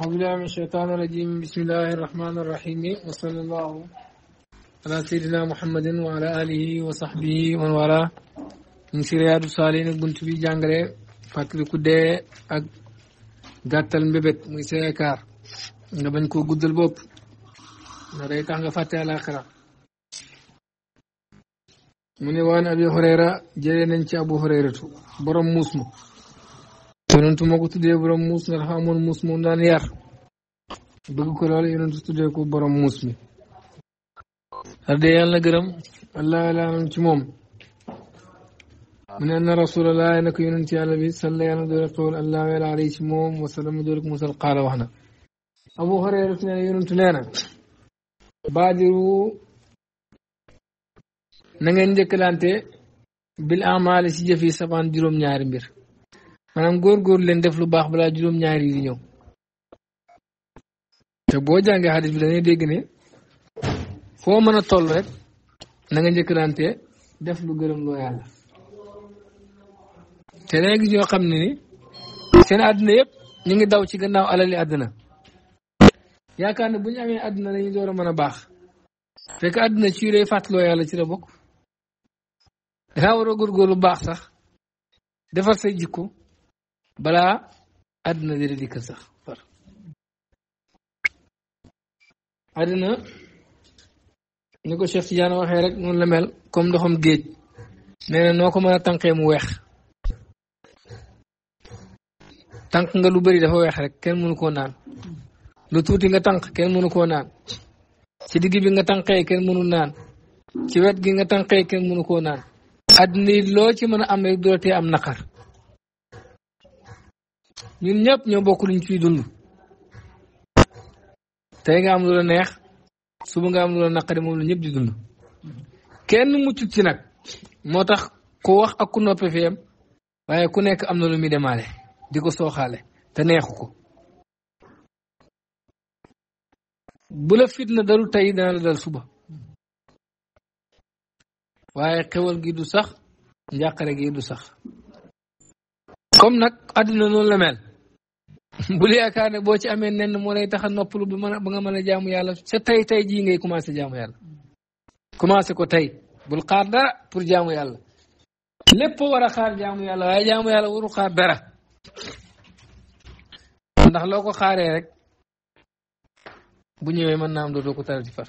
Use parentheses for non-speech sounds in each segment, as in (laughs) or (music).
أعوذ بالله من الشيطان الرجيم بسم الله الرحمن الرحيم وصلى الله على سيدنا محمد وعلى آله وصحبه ومن والاه ñu si riyaadu saalihin ak bunt bi jàngale fàttali ku dee ak gàttal mbébét muy sa yaakaar nga bañ koo guddal bopp na day tax nga fàtte àlaaxira mu ne waan abi hurayra jëlee nañ ci abu hurayratu borom muus ma yonentu moo ko tuddee borom muus nga dafa amoon muus moom daan yar bëgg ko lool yonentu tuddee ko borom muus mi adee yàlla na gërëm allah laalam ci moom mu ne anna rasulallah nako yonent allah wel alay ci moom wasalama doole ko musal qaala wax na abu xarera tu nee yonentu nee na baadiru na ngeen njëkkalante bil amaali ci jëf yi sabaan juróom góor góor leen def lu baax balaa juróom-ñaari yi ñëw te boo jàngee xadis bi da ngay dégg ne foo mën a toll rek na nga njëkkalante def lu gërëm yàlla te da ngay xam ne ni seen yëpp ñu ngi daw ci gannaaw alali àdduna yaakaar ne bu amee àdduna dañuy door a mën a baax fekk àdduna ci yu lay fàttaloo yàlla ci la bokk dangaa war a góorgóorlu baax sax defar say jikko balaa àddina di dikk sax far àddina ni ko Cheikh Tidiane waxee rek noonu la mel comme ndoxam géej nee na noo ko mën a tànqee mu weex tànk nga lu bari dafa weex rek kenn mënu koo naan lu tuuti nga tànq kenn mënu koo naan ci digg bi nga tànqee mënu naan ci wet gi nga tànqee kenn mënu koo naan àddina loo ci mën a am rek dootee am naqar ñun ñëpp ñoo bokk luñ ciy dund tey nga am lu la neex suba nga am lu la naqari moom la ñëpp di dund kenn muccut ci nag moo tax ku wax ak ku noppe fi yam waaye ku nekk am na lu muy demaale di ko sooxaale te neexu ko bu la fitna dalu tey dana la dal suba waaye xewal gi du sax njàqare gi du sax comme nag àdduna noonu la mel bu (laughs) bul yaakaar ne boo ci amee nenn moo lay tax a noppalu ba mën a ba nga mën a jaamu yàlla sa tey tey jii ngay commencé jaamu yàlla ko tey bul xaar dara pour jaamu yàlla lépp war a xaar jaamu yàlla waaye yàlla waru xaar dara ndax loo ko xaaree rek bu ñëwee mën naa dootoo ko tara ci far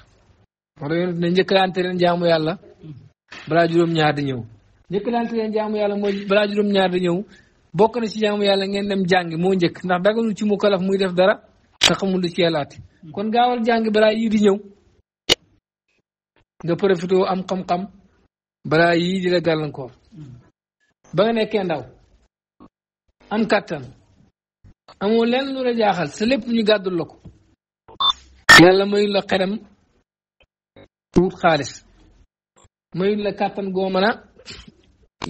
moo tax yonent yàlla balaa juróom-ñaar di ñëw njëkkalante leen jaamu yàlla mooy balaa juróom-ñaar di ñëw bokk na ci jaamu yàlla ngeen dem jàngi moo njëkk ndax daganul ci mu kalaf muy def dara nga xamul lu ci yàllaati kon gaawal jàngi balaa yii di ñëw nga profité am xam-xam balaa yii di la gàllankoor ba nga nekkee ndaw am kàttan amoo leen lu la jaaxal sa lépp ñu gàddul la ko yàlla mayul la xeram wut xaalis mayul la kàttan goo mën a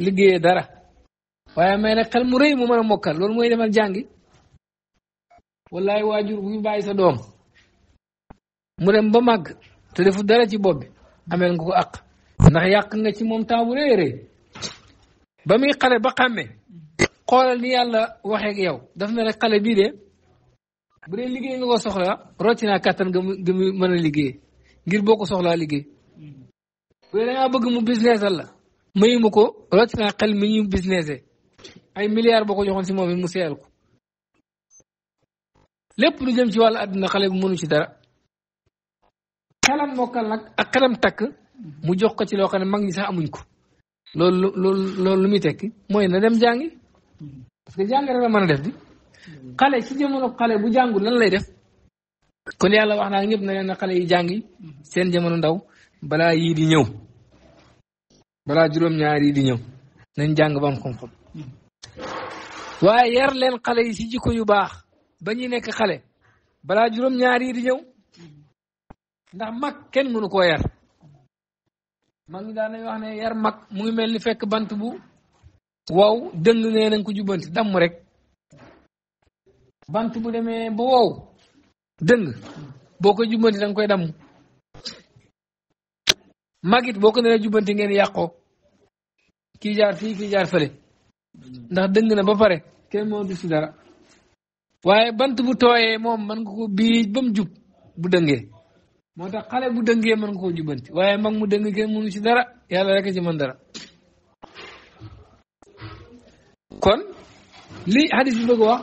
liggéeyee dara waaye may nag xel mu rëy mu mën a mokkal loolu mooy demal jàngi wallaay waajur bu bàyyi sa doom mu dem ba màgg te defu dara ci bopp bi ameel nga ko àq ndax yàq nga ci moom temps bu rëy rëy ba muy xale ba xàmmee xoolal ni yàlla waxee ak yow daf na xale bii de bu dee liggéey nga ko soxla rocci naa kàttan nga mu mën a liggéey ngir boo ko soxlaa liggéey bu dee dangaa bëgg mu businessal la mayu ko rocci naa xel mi ñu businessé ay milliards boo ko joxoon si moom it mu seeyal ko lépp lu jëm ci wàllu àdduna xale bu mënu ci dara xelam ak xelam takk mu jox ko ci loo xam ne mag ñi sax amuñ ko loolu loolu loolu lu muy tekki mooy na dem jàngi parce que jàng rek la mën a def di xale ci jamono xale bu jàngu lan lay def kon yàlla wax naa ñëpp na leen xale yi jàngi seen jamono ndaw balaa yii di ñëw balaa juróom-ñaar yii di ñëw nañ jàng ba am xam waaye yar leen xale yi si jikko yu baax ba ñuy nekk xale balaa juróom-ñaar yi ñëw ndax mag kenn mënu koo yar mag ñi daan wax ne yar mag mu ngi mel ni fekk bant bu wow dëng nee nañ ko jubbanti damm rek bant bu demee ba wow dëng boo koy jubbanti da nga koy damm magit boo ko nee jubbanti ngeen yàqoo ki jaar fii kii jaar fële ndax dëng na ba pare kenn moo du si dara waaye bant bu tooyee moom mën nga ko biij ba mu jub bu dëngee moo tax xale bu dëngee mën nga koo jubanti waaye mag mu dëng kenn mënu si dara yàlla rek a man dara kon lii hadis bi bëgg wax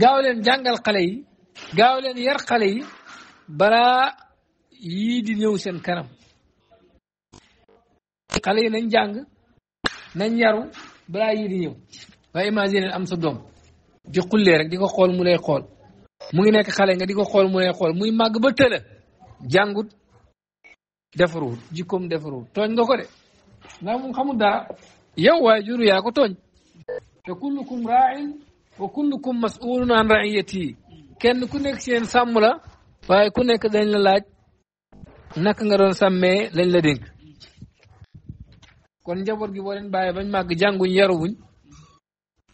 gaaw leen jàngal xale yi gaaw leen yar xale yi bara yii di ñëw seen kanam xale yi nañ jàng nañ yaru balaa yii di ñëw waaye imagine am sa doom di xullee rek di ko xool mu lay xool mu ngi nekk xale nga di ko xool mu lay xool muy màgg ba tëla jàngut defaruwut jikkoom defaruwut tooñ nga ko de ndax moom xamul dara waaye jur yaa ko tooñ te kullukum raain wa kullukum masulun an raiyati kenn ku nekk seen sàmm la waaye ku nekk dañ la laaj naka nga doon sàmmee lañ la dénk kon njaboot gi boo leen bàyyee bañ màgg jànguñ yaruwuñ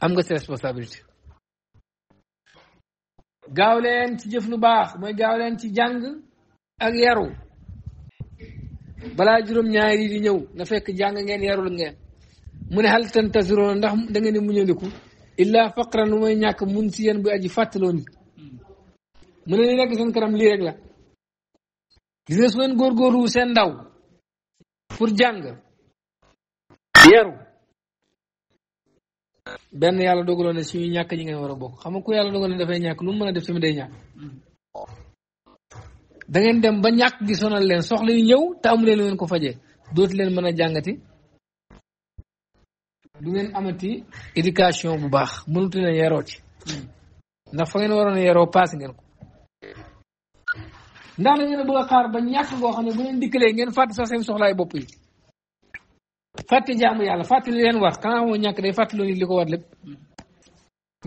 am nga sa responsabilité gaaw leen ci jëf lu baax mooy gaaw ci jàng ak yaru balaa juróom-ñaari yi di ñëw nga fekk jàng ngeen yarul ngeen mu ne hal tantaziruna ndax da ngeen di muñandiku illa faqran lu may ñàkk mun si yéen bu aji fàttaloo ni mu ne li seen kanam lii rek la gis nga su ngeen góorgóorlu seen ndaw pour jàng yaru benn yàlla dogaloon ne suñuy ñàkk ñi ngay war a bokk xam nga ku yàlla dogaloon ne dafay ñàkk lu mu mën a def tamit day ñàkk da dem ba ñàkk gi sonal leen soxla yu ñëw te amu leen lu ngeen ko fajee dootu leen mën jàngati du ngeen amati éducation bu baax mënutu leen yaroo ndax fa ngeen waroon a yaroo paase ngeen ko ndax da ngeen a xaar ba ñàkk goo xam ne bu ngeen dikkalee ngeen fàtte sax seen soxlaay bopp yi fàtte jaamu yàlla fàtte li leen war xanaa moo ñàkk day fàttaloo nit li ko war lépp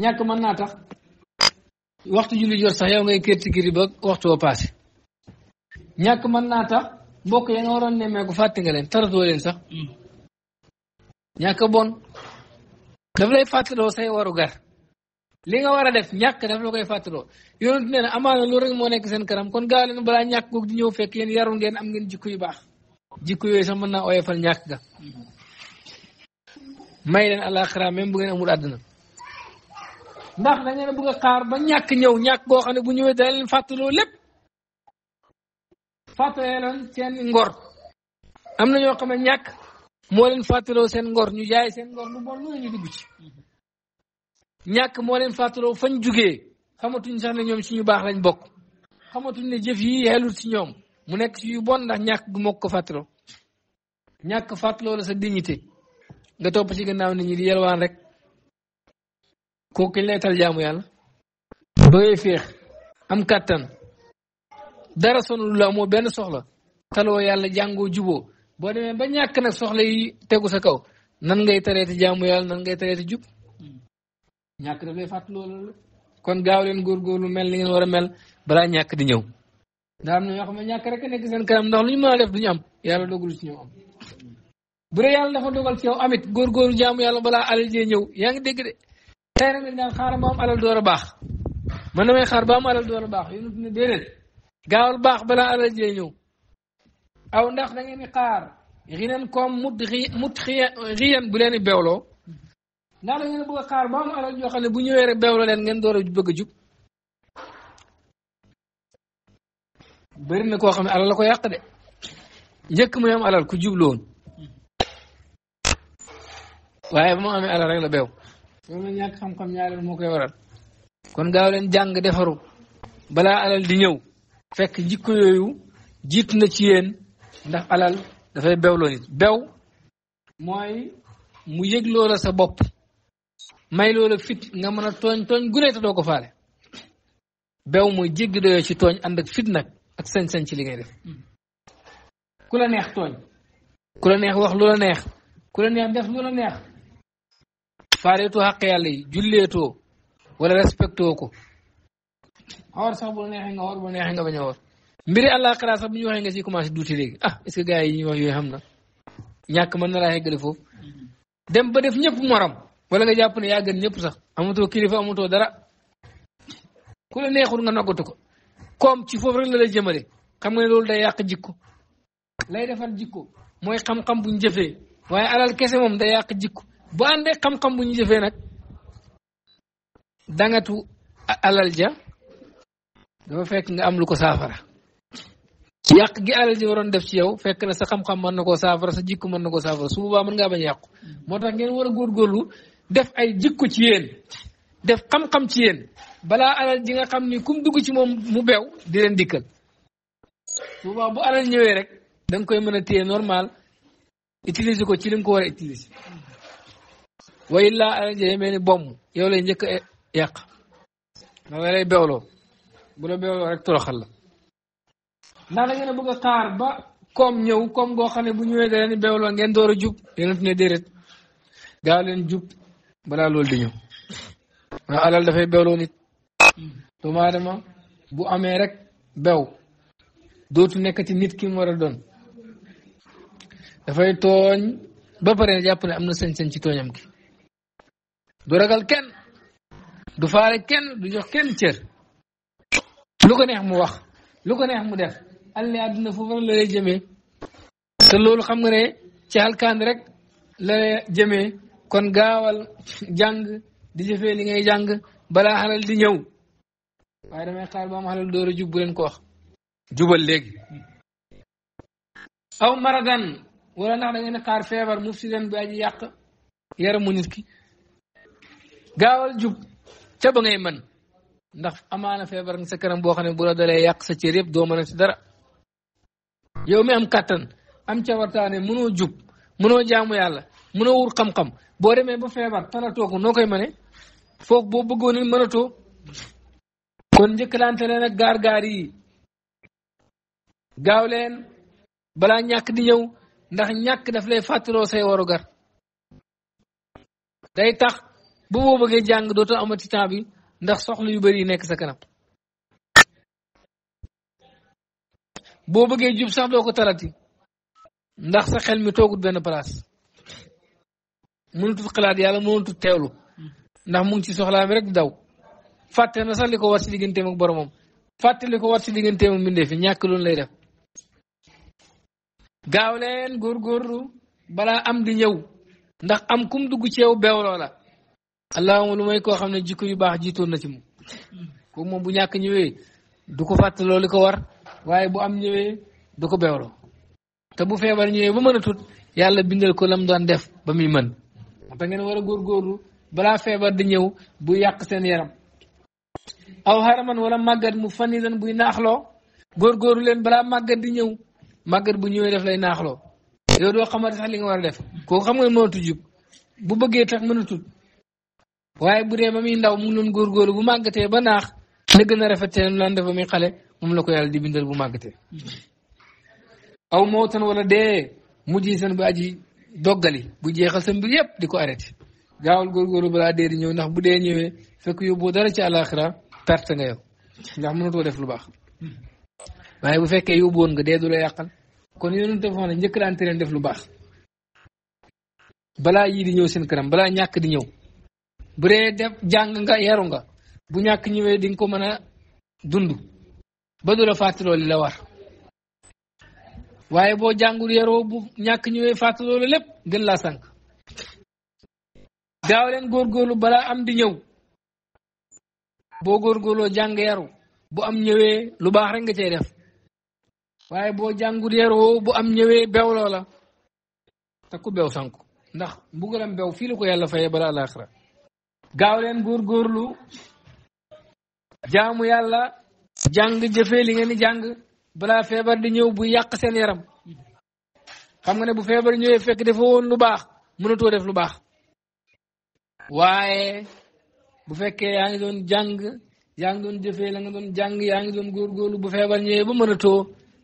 ñàkk mën naa tax waxtu julli jot sax yow ngay kërti kiri ba waxtu woo paase ñàkk man naa tax mbokk ya nga waroon nemmeeku fàtte nga leen taratoo leen sax mm. ñàkk bon daf lay fàttaloo say waru gar li nga war a def ñàkk daf la koy fàttaloo yonent nee na amaana loolu rek moo nekk seen kanam kon gaaw leen ñàkk googu di ñëw fekk yéen yaru ngeen am ngeen jikko yu baax jikko yooyu sax mën naa oyofal ñàkk ga may leen alaxira même bu ngeen amul àdduna ndax da ngeen bëgg a xaar ba ñàkk ñëw ñàkk goo xam ne bu ñëwee da leen fàttaloo lépp fàttalee leen seen ngor am na xam ñàkk moo leen fàttaloo seen ngor ñu jaay seen ngor lu bon lu ñu dugg ci ñàkk moo leen fàttaloo fañ jugee xamatuñ sax ne ñoom suñu baax lañ bokk xamatuñ ne jëf yi xelut ci ñoom mu nekk ci yu bon ndax ñàkk gu ko fàttaloo ñàkk fàttaloo la sa dignité nga topp ci gannaaw nit ñi di yelwaan rek kooku kañ lay tal jaamu yàlla ba ngay am kàttan dara sonul la benn soxla taloo yàlla jàngoo juboo boo demee ba ñàkk nag soxla yi tegu sa kaw nan ngay tareeti jaamu yàlla nan ngay tareeti jub ñàkk daf lay fàttaloo loolu kon gaaw leen lu mel ni ngeen war a mel balaa ñàkk di ñëw ndax am na ñoo xam rek a nekk seen kanam ndax lu ñu mën a du ñu am yàlla dogalul si ñoom am bu dee yàlla dafa dogal si yow amit góorgóorlu jaamu yàlla balaa alal jee ñëw yaa ngi dégg de tey rek lañ xaaral door a baax man damay xaar ba am door a baax yéen ne déedéet gaawal baax balaa alal jee ñëw aw ndax da ngeen di xaar rinan koom mut ri mut riyan bu leen di bewloo ndax da ngeen a xaar ba am alal yoo xam ne bu ñëwee rek bewloo leen ngeen door a bëgg a jub bëri na koo xam ne alal la ko yàq de njëkk muy am alal ku jubloon waaye ba mu amee alal rek la beew loolu ñàkk xam moo koy waral kon gaaw leen jàng defaru balaa alal di ñëw fekk jikko na ci ndax alal dafay bewloo nit bew mooy mu yëg loola sa bopp may loola fit nga mën a tooñ tooñ gune te doo ko faale bew mooy jéggi doyoo ci tooñ ànd ak fit nag ak sañ-sañ ci li ngay def ku la neex tooñ ku la neex wax lu la neex ku la neex def lu la neex faareetu xàq yàlla yi julleetoo wala respectoo ko xoor sax bu la neexee nga xoor bu bañ a xoor mbiri àllaa xalaat sax bu ñu waxee nga si commencé duuti léegi ah est ce yi ñuy wax yooyu xam na ñàkk mën na laa yeggale foofu dem ba def ñëpp morom wala nga jàpp ne yaa gën ñëpp sax amatoo kilifa amatoo dara ku la neexul nga noggatu ko koom ci foofu rek la lay jëmale xam nga ne loolu day yàq jikko lay defar jikko mooy xam-xam bu ñu waaye alal kese moom day yàq jikko bu àndee xam bu ñu jëfee nag dangatu alal ja dafa fekk nga am lu ko saafara yàq gi alal ji waroon def ci yow fekk na sa xam-xam mën na koo saafara sa jikko mën na koo saafara su boobaa mën ngaa bañ yàqu moo tax ngeen war a góorgóorlu def ay jikko ci yéen def xam-xam ci yéen balaa alal ji nga xam ni kum dugg ci moom mu beew di leen dikkal boobaa bu alal ñëwee rek da koy mën a téye normal utiliser ko ci li ko war a utiliser way laa alal yow lay njëkk a yàq da bu la la ndax da ngeen a ñëw koom goo xam ne bu ñëwee ngeen door a jub yonent ne balaa loolu di ñëw alal dafay beewloo doomu aadama bu amee rek bew dootu nekk ci nit ki mu war a doon dafay tooñ ba pare jàpp ne am na sañ-sañ ci tooñam ki du ragal kenn du faale kenn du jox kenn cër lu ko neex mu wax lu ko neex mu def alli àdduna foofu rek la lay jëmee te loolu xam nga ne ci alkaan rek la jëme jëmee kon gaawal jàng di jëfee li ngay jàng balaa xalal di ñëw waaye damay xaar ba am xalal door a jub bu leen ko wax jubal léegi aw maradan wala ndax da ngeen xaar feebar mufsidan bi aji yàq yaramu nit ki gaawal jub ca ba ngay mën ndax amaana feebar nga sa kanam boo xam ne bu la yàq sa cër yëpp doo mën a dara yow mi kàttan am cawartaane mënoo jub mënoo jaamu yàlla mënoo wut xam boo demee ba feebar talatoo ko noo koy mëne foofu boo bëggoon ni kon njëkkalante leen ak gaar gaar yi gaaw leen balaa ñàkk di ñëw ndax ñàkk daf lay fàttaloo say warugar day tax bu boo bëggee jàng dootoo amati temps bi ndax soxla yu bari yi nekk sa kanam boo bëggee jub sax doo ko tarati ndax sa xel mi toogut benn place mënutut xalaat yàlla mënutut teewlu ndax mu ci soxlaa mi rek daw fàtte na sax li ko war ci digganteem ak boromam fàtte li ko war si digganteem ak mbindee fi ñàkk loolu lay def gaaw leen góorgóorlu balaa am di ñëw ndax am kum dugg ci yow beewloo la allahuma lu may koo xam ne jikko yu baax jiitoon na ci moom kooku moom bu ñàkk ñëwee du ko fàtte loolu li ko war waaye bu am ñëwee du ko beewloo te bu feebar ñëwee ba mën a tut yàlla bindal ko lam doon def ba muy mën te ngeen war a góorgóorlu balaa feebar di ñëw bu yàq seen yaram aw xaraman wala màggat mu faniran buy naaxloo góorgóorlu leen balaa màggat di ñëw màggat bu ñëwee def lay naaxloo yow doo li war a def kooku xam nga mënatu jub bu bëggee tax mënatul waaye bu dee ba muy ndaw mu ngi doon góorgóorlu bu màggatee ba naax gën a rafetee nu naan dafa xale moom la ko yàlla di bindal bu màggatee aw mawtan wala dee mujj seen bu aji doggali bu jeexal sa mbir yëpp di ko arrêté gaawal góorgóorlu balaa dee di ñëw ndax bu dee ñëwee fekk yóbboo dara ci àllaaxira perte nga yow ndax mënatoo def lu baax waaye bu fekkee yóbbu woon nga dee du la yàqal kon yonent dafa wax ne njëkk daante leen def lu baax balaa yii di ñëw seen kanam balaa ñàkk di ñëw bu dee def jàng nga yaru nga bu ñàkk ñëwee di ko mën a dund ba du la fàttaloo li la war waaye boo jàngul yaroo bu ñàkk ñëwee fàttaloo la lépp gën laa sànq gaaw leen góorgóorlu balaa am di ñëw boo góorgóorloo jàng yaru bu am ñëwee lu baax rek nga cay def waaye boo jàngut yaroo bu am ñëwee bew loola te ku bew sanku ndax mbugalam bew fii la ko yàlla fayee bala àlaxira gaaw leen góorgóorlu jamu yàlla jàng jëfee li ngeen di jàng balaa feebar di ñëw bu yàq seen yaram xam nga ne bu feebar ñëwee fekk dafa woon lu baax mënatoo def lu baax waaye bu fekkee yaa ngi doon jàng yaa ngi doon jëfee la nga doon jàng yaa ngi doon góorgóorlu bu feebar ñëwee ba mënatoo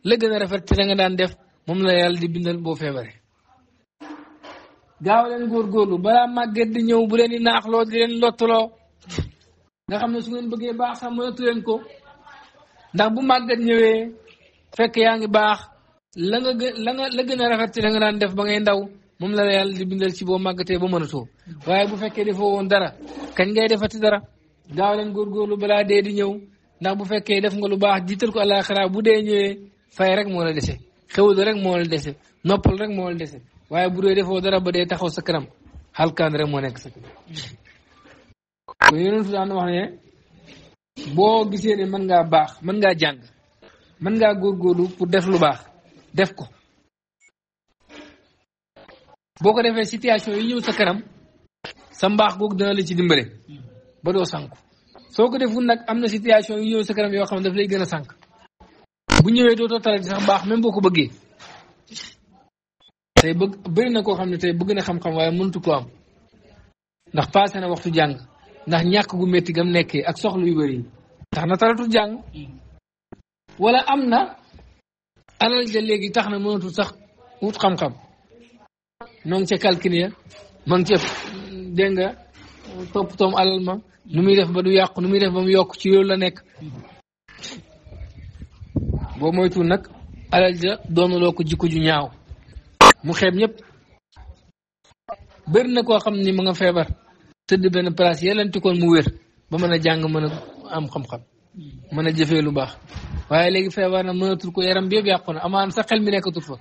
la gën a rafet ci la nga daan def moom la yàlla di bindal boo feebaree. gaaw leen góorgóorlu balaa màgget di ñëw bu leen di naaxloo di leen lottuloo nga xam ne su ngeen bëggee baax sax mënatu leen ko ndax bu màgget ñëwee fekk yaa ngi baax la nga gën la nga la gën a rafet ci la nga daan def ba ngay ndaw. moom la la yàlla di bindal ci boo màggatee ba mënatoo waaye bu fekkee defoo woon dara kañ ngay defati dara gaaw leen góorgóorlu balaa dee di ñëw ndax bu fekkee def nga lu baax jiital ko xaraa bu dee ñëwee fay rek moo la dese xewul rek moo la dese noppal rek moo la dese waaye bu dee defoo dara ba dee taxaw sa kanam xalkaan rek moo nekk sa kanam. kon yeneen su daan boo gisee ne mën ngaa baax mën ngaa jàng mën ngaa góorgóorlu pour def lu baax def ko. boo ko defee situation yu ñëw sa kanam sa mbaax googu dana la ci dimbale ba doo sànku soo ko deful nag am na situation yi ñëw sa kanam yoo xam ne daf lay gën a sànk bu ñëwee dootoo tara di sax mbaax même boo ko bëggee tey bëgg bëri na koo xam ne tey bëgg na xam-xam waaye mënutu ko am ndax passé na waxtu jàng ndax ñàkk gu metti gam nekkee ak soxla yu bëri tax na taratul jàng wala am na alal ja léegi tax na mënatul sax wut xam-xam noo ngi ca calcul ya ma ngi ca dégg nga topp toom alal ma nu muy def ba du yàqu nu muy def ba mu yokk ci loolu la nekk boo moytu nag alal ja doonuloo ko jikko ju ñaaw mu xeeb ñëpp bëri na koo xam ni ma nga feebar tëdd benn place yelantikoon mu wér ba mën a jàng mën a am xam-xam mën a jëfee lu baax waaye léegi feebar na mënatul ko yaram bi yëpp na amaan sax xel mi nekkatul fa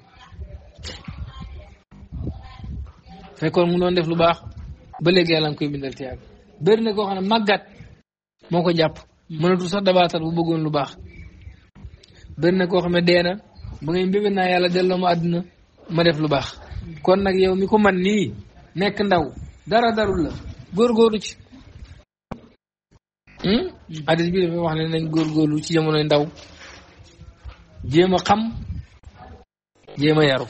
fekkoon mu doon def lu baax ba léegi yàlla nga koy bindal tiyaab bëri na koo xam ne màggat moo ko jàpp mënatul sax dabaatal bu bëggoon lu baax bëri na koo xam ne dee na ba ngay mbébét naa yàlla delloo ma àdduna ma def lu baax kon nag yow mi ko man nii nekk ndaw dara darul la góorgóorlu ci hmm? hadis bi dafa wax ne nañ góorgóorlu ci jamonoy ndaw jéem a xam jéem yaru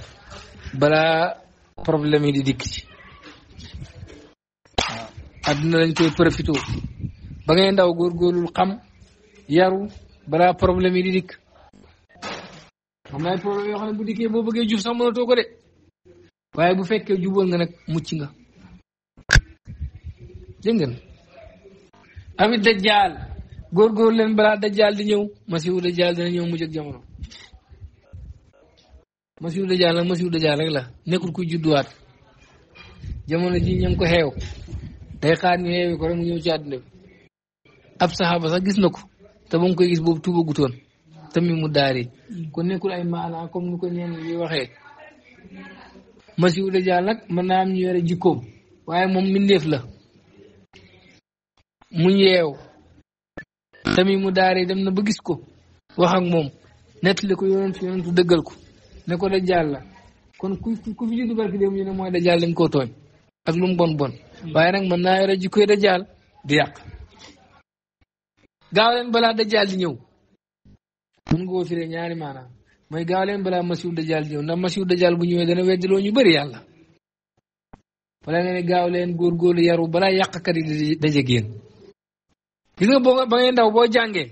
balaa problème yi di dikk ci waaw ah, lañ koy profité ba ngay ndaw góorgóorlul xam yaru balaa problème yi di dikk xam naa problème yoo xam ne bu dikkee boo bëggee jub sax mënatoo ko de waaye bu fekkee juboon nga nag mucc nga dégg ngeen amit dajjaal góorgóor leen balaa dajjaal di ñëw masiwu dajjaal dina ñëw mujj ak jamono masiw dajaal nag masiw dajaal rek la nekkul kuy judduwaat jamono ji ña ko xeew day xaar ñu xeewi ko rek mu ñëw ci àdduna bi ab saxaaba sax gis na ko te ba mu koy gis boobu tuuba gutoon tamit mu daari kon nekkul ay maanaa comme ni ko ñeen yi waxee masiw dajaal nag mën naa am ñu yore jikkoom waaye moom mbindeef la mu yeew tamit mu daari dem na ba gis ko wax ak moom nettali ko yonentu yonentu dëggal ko ne ko dajjaal la kon ku ku fi juddu barki démb lañ koo tooñ lu mu bon bon hmm. waaye nag mën naa yore di balaa dajjaal di ñëw mun nga woo firee ñaari maanaam mooy gaaw leen balaa masiw dajjaal di ñëw ndax masiw dajjaal bu ñëwee dana weddiloo ñu bëri yàlla wala nga ne gaaw leen góorgóorlu yaru balaa yàqkat yi di daje gis boo ba ngay ndaw boo jàngee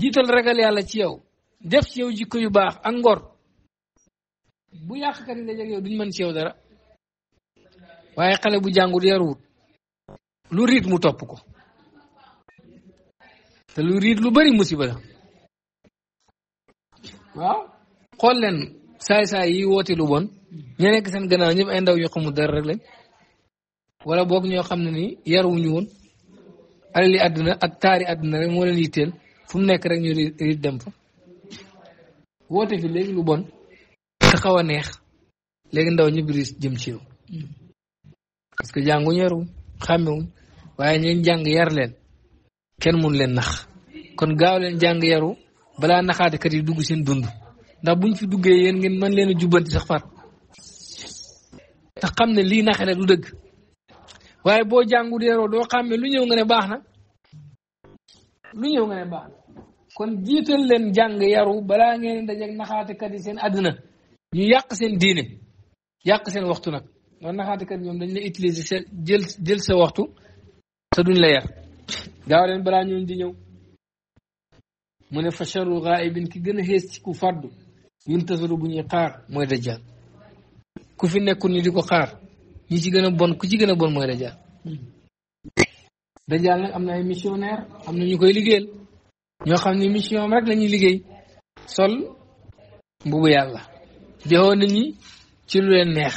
jiital ragal yàlla ci yow def ci yow jikko yu baax ak ngor bu yàqkat yi dajeeg yow duñ mën ci dara waaye xale bu jàngul yaruwut lu riit mu topp ko te lu riit lu bari musiba la waaw xool leen saay-saay yi woote lu bon ña nekk seen gannaaw ñëpp ay ndaw yu xamul dara rek lañ wala boog ñoo xam ne ni yaruwuñu woon alali àdduna ak taari àdduna rek moo leen yitteel fu mu nekk rek ñu riit dem fa woote fi léegi lu bon te xaw a neex léegi ndaw ñu biris jëm ci yow mm. parce que jànguñ yaruñ xàmmewuñ waaye ñeen jàng yar leen kenn mun leen nax kon gaaw leen jàng yaru balaa naxaatekat yi dugg seen dund ndax buñ fi duggee yéen ngeen mën leen a jubbanti sax far te xam ne lii naxe la du dëgg waaye boo jàngut yaroo doo xàmmee lu ñëw nga ne baax na lu ñëw nga ne baax kon jiital leen jàng yaru balaa ngeen dajeeg naxaatekat yi seen àddina ñu yàq seen diine yàq seen waxtu nag loolu naxaatekat ñoom dañ lay utiliser sa jël jël sa waxtu te duñ la yar gaaw leen balaa ñoon di ñëw mu ne facharu gaaibin ki gën a xees ci ku fàddu yuntasaru bu ñuy xaar mooy dajjal ku fi nekkul ñu di ko xaar ñi ci gën a bon ku ci gën a bon mooy dajjal dajjal nag am na ay missionnaire am na ñu koy liggéeyal ñoo xam ne mission rek la liggéey sol mbubu yàlla joxoon nit ci lu leen neex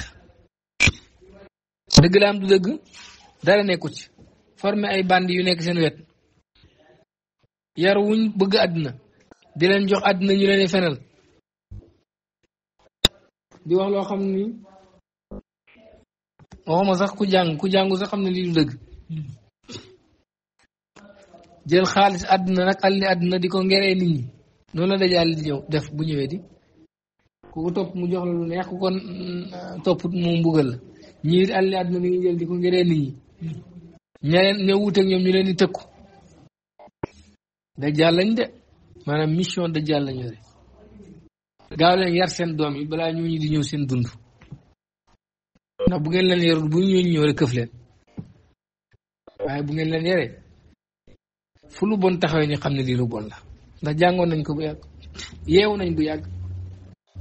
dëgg la am du dëgg dara nekku ci former ay bandi yu nekk seen wet yar wuñ bëgg àddina di leen jox àddina ñu leen fenal di wax loo xam ni waxuma sax ku jàng ku jàngu sax xam ne li du dëgg jël xaalis àdduna nag alli àdduna di ko ngeree nit ñi noonu la dajaal di ñëw def bu ñëwee di mu jox lu neex ku ko mm, topput mu mbugal la ñii alli àdduna bi ñu jël leen di tëkku dajaal lañ de maanaam mission dajaal lañ yore gaaw leen yar seen doom yi balaa ñooñu di ñëw seen dund ndax bu ngeen leen yarul bu ñooñu ñëw rek këf leen waaye bu ngeen leen yaree fu lu bon taxawee ñu xam ne lii lu bon la ndax jàngoon nañ ko bu yàgg yeewu nañ bu yàgg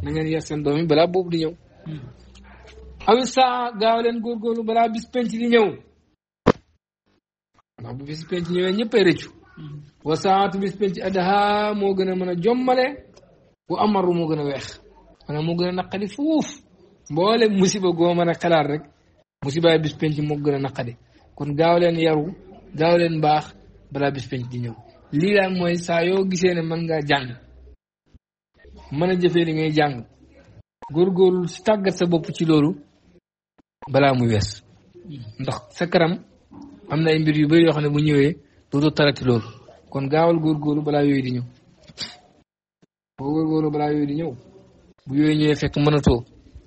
na ngeen yar seen doom yi balaa boobu di ñëw awi saa gaaw leen góorgóorlu balaa bis penc di ñëw ndax bu bis ñëwee ñëppay rëccu wa saatu bis penc adaha moo gën a mën a jommale bu amaru moo gën a weex moo gën a naqadi fuuf mboole musiba goo mën a xalaat rek musibaay bis moo gën a naqadi kon gaaw leen yaru gaaw leen baax balaa bis di ñëw lii daal mooy saa yoo gisee ne mën ngaa jàng mën a jëfee li ngay jàng góorgóorlu si tàggat sa bopp ci loolu balaa muy wees ndax sa karam am na ay mbir yu bëri yoo xam ne bu ñëwee dootoo tarati loolu kon gaawal góorgóorlu balaa yooyu di ñëw boo góorgóorlu balaa yooyu di ñëw bu yooyu ñëwee fekk mënatoo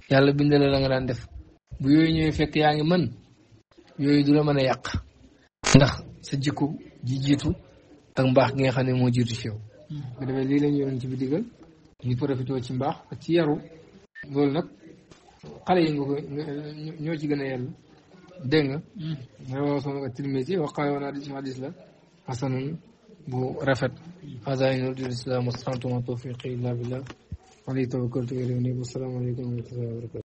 yàlla bindal la nga daan def bu yooyu ñëwee fekk yaa ngi mën yooyu du la mën a yàq ndax sa jikko ji jiitu ak mbaax gi xam ne moo jiitu ci yow. bu defee lii lañ yoroon ci bi digal ñu profité ci mbaax ci yaru loolu nag xale yi nga ko ñoo ci gën a yell dégg nga. Hmm. waaw sama nga Tirmisi waxaale woon naa di ci hadis la hasanun bu rafet. haadaa in uriidu al-islaaha mastata'tu wa maa tawfiiqii illaa billaah alayhi tawakkaltu wa ilayhi uniib. Assalaamu aleykum wa rahmatullaahi wa barakaatuh.